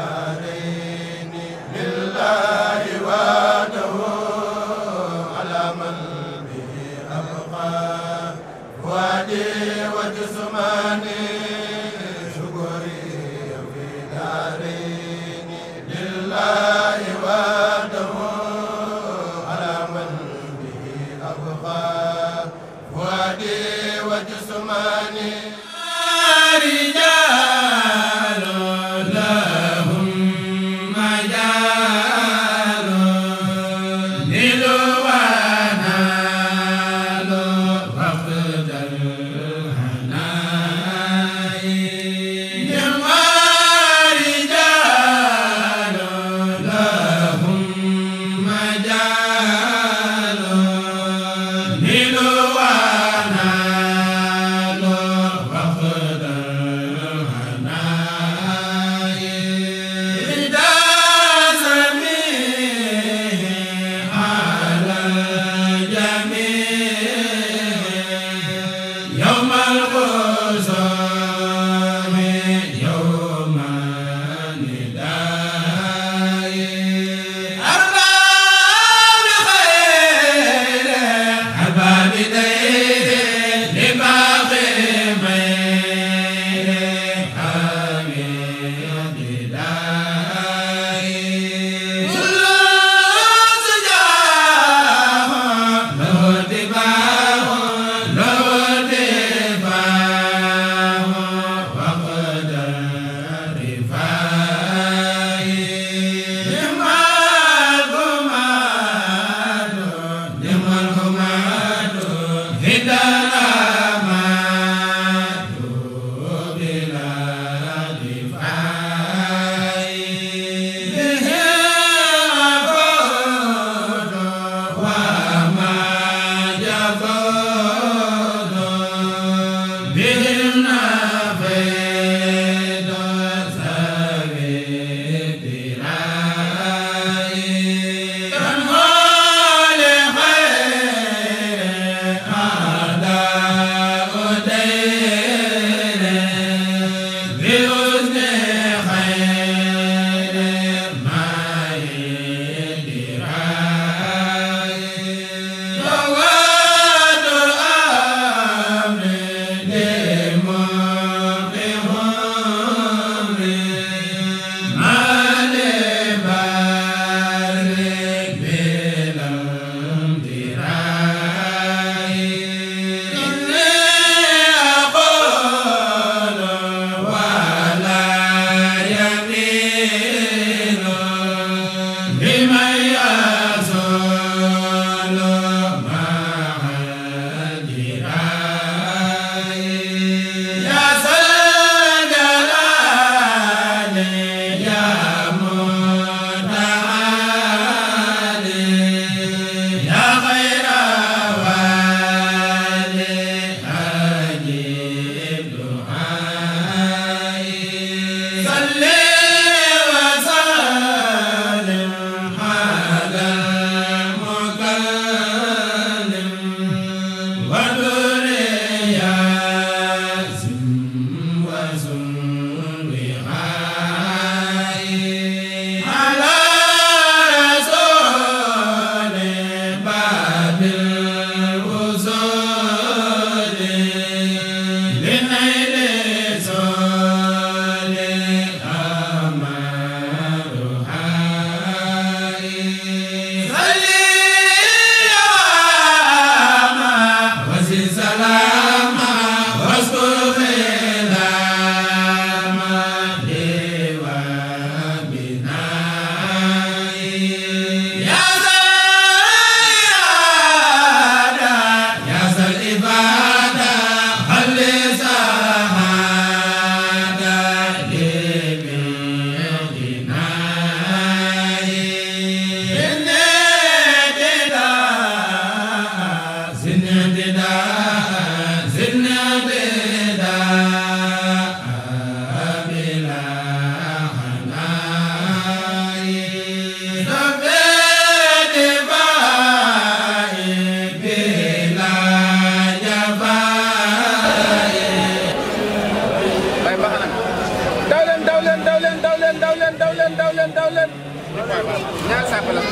yaa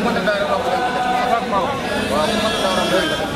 waaw